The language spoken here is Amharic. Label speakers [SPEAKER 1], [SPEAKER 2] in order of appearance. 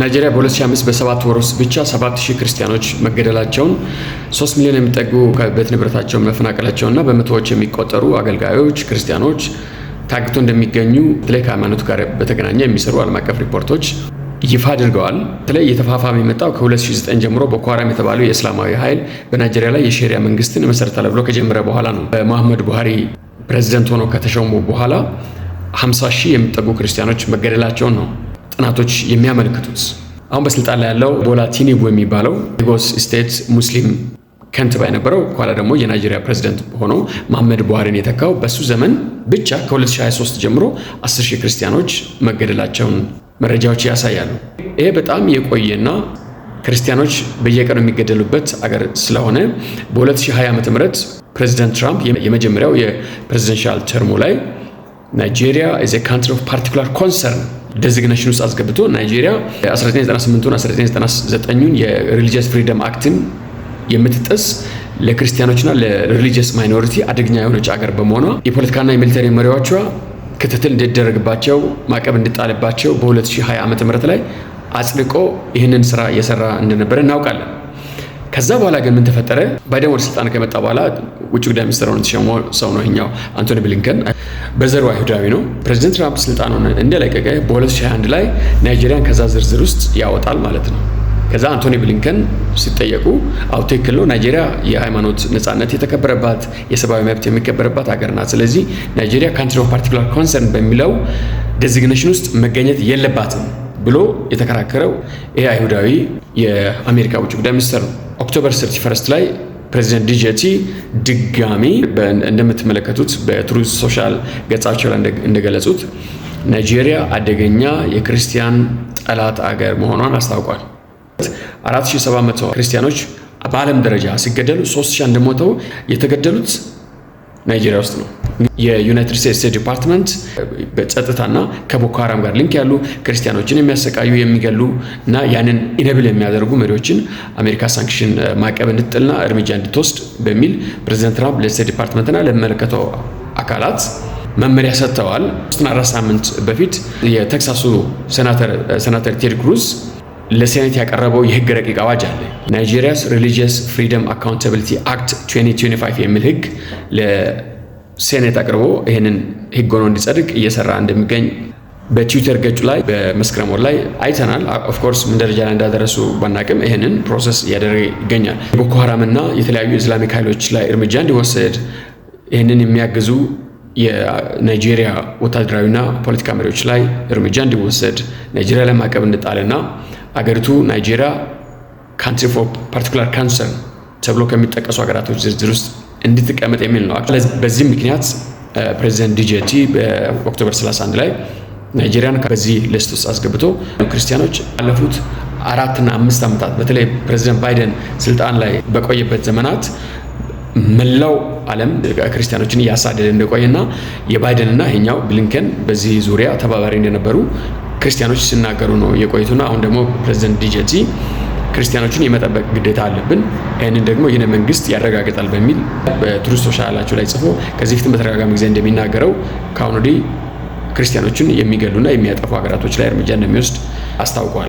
[SPEAKER 1] ናይጄሪያ በ2005 በሰባት ወር ውስጥ ብቻ 7000 ክርስቲያኖች መገደላቸውን 3 ሚሊዮን የሚጠጉ ከቤት ንብረታቸውን መፈናቀላቸውና በመቶዎች የሚቆጠሩ አገልጋዮች ክርስቲያኖች ታግቶ እንደሚገኙ በተለይ ከሃይማኖት ጋር በተገናኘ የሚሰሩ ዓለም አቀፍ ሪፖርቶች ይፋ አድርገዋል። በተለይ እየተፋፋመ የመጣው ከ2009 ጀምሮ ቦኮ ሃራም የተባለው የእስላማዊ ኃይል በናይጄሪያ ላይ የሸሪያ መንግስትን መሰረታለ ብሎ ከጀመረ በኋላ ነው። በመሐመድ ቡሃሪ ፕሬዚደንት ሆኖ ከተሾሙ በኋላ 50 ሺህ የሚጠጉ ክርስቲያኖች መገደላቸውን ነው ጥናቶች የሚያመለክቱት። አሁን በስልጣን ላይ ያለው ቦላ የሚባለው ሌጎስ ስቴት ሙስሊም ከንቲባ የነበረው ከኋላ ደግሞ የናይጄሪያ ፕሬዚደንት ሆኖ መሐመድ ቡሃሪን የተካው በሱ ዘመን ብቻ ከ2023 ጀምሮ 10 ክርስቲያኖች መገደላቸውን መረጃዎች ያሳያሉ። ይሄ በጣም የቆየና ክርስቲያኖች በየቀኑ የሚገደሉበት አገር ስለሆነ በ2020 ዓ ም ፕሬዚደንት ትራምፕ የመጀመሪያው የፕሬዚደንሻል ተርሙ ላይ ናይጄሪያ ኢዝ ኤ ካንትሪ ኦፍ ፓርቲኩላር ኮንሰርን ዴዚግኔሽን ውስጥ አስገብቶ ናይጄሪያ 1998ን 1999ን የሪሊጂየስ ፍሪደም አክትን የምትጥስ ለክርስቲያኖችና ለሪሊጂየስ ማይኖሪቲ አደገኛ የሆነች አገር በመሆኗ የፖለቲካና የሚሊተሪ መሪዎቿ ክትትል እንዲደረግባቸው ማዕቀብ እንዲጣልባቸው በ2020 ዓ ም ላይ አጽድቆ ይህንን ስራ እየሰራ እንደነበረ እናውቃለን። ከዛ በኋላ ግን ምን ተፈጠረ? ባይደን ወደ ስልጣን ከመጣ በኋላ ውጭ ጉዳይ ሚኒስትር ሆነ ተሸሞ ሰው ነው ይኸኛው አንቶኒ ብሊንከን። በዘሩ አይሁዳዊ ነው። ፕሬዚደንት ትራምፕ ስልጣኑን እንደለቀቀ በ2021 ላይ ናይጄሪያን ከዛ ዝርዝር ውስጥ ያወጣል ማለት ነው። ከዛ አንቶኒ ብሊንከን ሲጠየቁ አው ትክክል ነው፣ ናይጄሪያ የሃይማኖት ነፃነት የተከበረባት የሰብአዊ መብት የሚከበረባት ሀገር ናት። ስለዚህ ናይጄሪያ ካንትሪ ኦፍ ፓርቲኩላር ኮንሰርን በሚለው ዴዚግኔሽን ውስጥ መገኘት የለባትም ብሎ የተከራከረው ይህ አይሁዳዊ የአሜሪካ ውጭ ጉዳይ ሚኒስትር ነው። ኦክቶበር ሰርቲ ላይ ፕሬዚደንት ዲጄቲ ድጋሚ እንደምትመለከቱት በትሩዝ ሶሻል ገጻቸው ላይ እንደገለጹት ናይጄሪያ አደገኛ የክርስቲያን ጠላት አገር መሆኗን አስታውቋል። 4700 ክርስቲያኖች በዓለም ደረጃ ሲገደሉ 3000 እንደሞተው የተገደሉት ናይጄሪያ ውስጥ ነው። የዩናይትድ ስቴትስ ዲፓርትመንት በጸጥታና ከቦኮ ሀራም ጋር ሊንክ ያሉ ክርስቲያኖችን የሚያሰቃዩ የሚገሉ እና ያንን ኢነብል የሚያደርጉ መሪዎችን አሜሪካ ሳንክሽን ማዕቀብ እንድጥልና እርምጃ እንድትወስድ በሚል ፕሬዚደንት ትራምፕ ለስቴት ዲፓርትመንትና ለሚመለከተው አካላት መመሪያ ሰጥተዋል። ሶስትና አራት ሳምንት በፊት የተክሳሱ ሴናተር ቴድ ክሩዝ ለሴኔት ያቀረበው የህግ ረቂቅ አዋጅ አለ። ናይጄሪያስ ሪሊጂየስ ፍሪደም አካውንታቢሊቲ አክት 2025 የሚል ህግ ሴኔት አቅርቦ ይህንን ህግ ሆኖ እንዲጸድቅ እየሰራ እንደሚገኝ በትዊተር ገጹ ላይ በመስከረም ወር ላይ አይተናል። ኦፍኮርስ ምን ደረጃ ላይ እንዳደረሱ ባናቅም ይህንን ፕሮሰስ እያደረገ ይገኛል። ቦኮ ሀራምና የተለያዩ እስላሚክ ኃይሎች ላይ እርምጃ እንዲወሰድ ይህንን የሚያግዙ የናይጄሪያ ወታደራዊና ፖለቲካ መሪዎች ላይ እርምጃ እንዲወሰድ ናይጄሪያ ላይ ማዕቀብ እንጣልና አገሪቱ ናይጄሪያ ካንትሪ ፎር ፓርቲኩላር ካንሰር ተብሎ ከሚጠቀሱ ሀገራቶች ዝርዝር ውስጥ እንድትቀመጥ የሚል ነው። በዚህ ምክንያት ፕሬዚደንት ዲጄቲ በኦክቶበር 31 ላይ ናይጄሪያን በዚህ ሊስት ውስጥ አስገብቶ ክርስቲያኖች ባለፉት አራትና አምስት ዓመታት በተለይ ፕሬዚደንት ባይደን ስልጣን ላይ በቆየበት ዘመናት መላው ዓለም ክርስቲያኖችን እያሳደደ እንደቆየና የባይደንና ይኛው ብሊንከን በዚህ ዙሪያ ተባባሪ እንደነበሩ ክርስቲያኖች ሲናገሩ ነው የቆይቱና አሁን ደግሞ ፕሬዚደንት ዲጄቲ ክርስቲያኖችን የመጠበቅ ግዴታ አለብን። ይህንን ደግሞ ይህን መንግስት ያረጋግጣል በሚል በቱሪስት ሶሻላቸው ላይ ጽፎ ከዚህ ፊትም በተደጋጋሚ ጊዜ እንደሚናገረው ከአሁን ወዲህ ክርስቲያኖችን የሚገሉና የሚያጠፉ ሀገራቶች ላይ እርምጃ እንደሚወስድ አስታውቋል።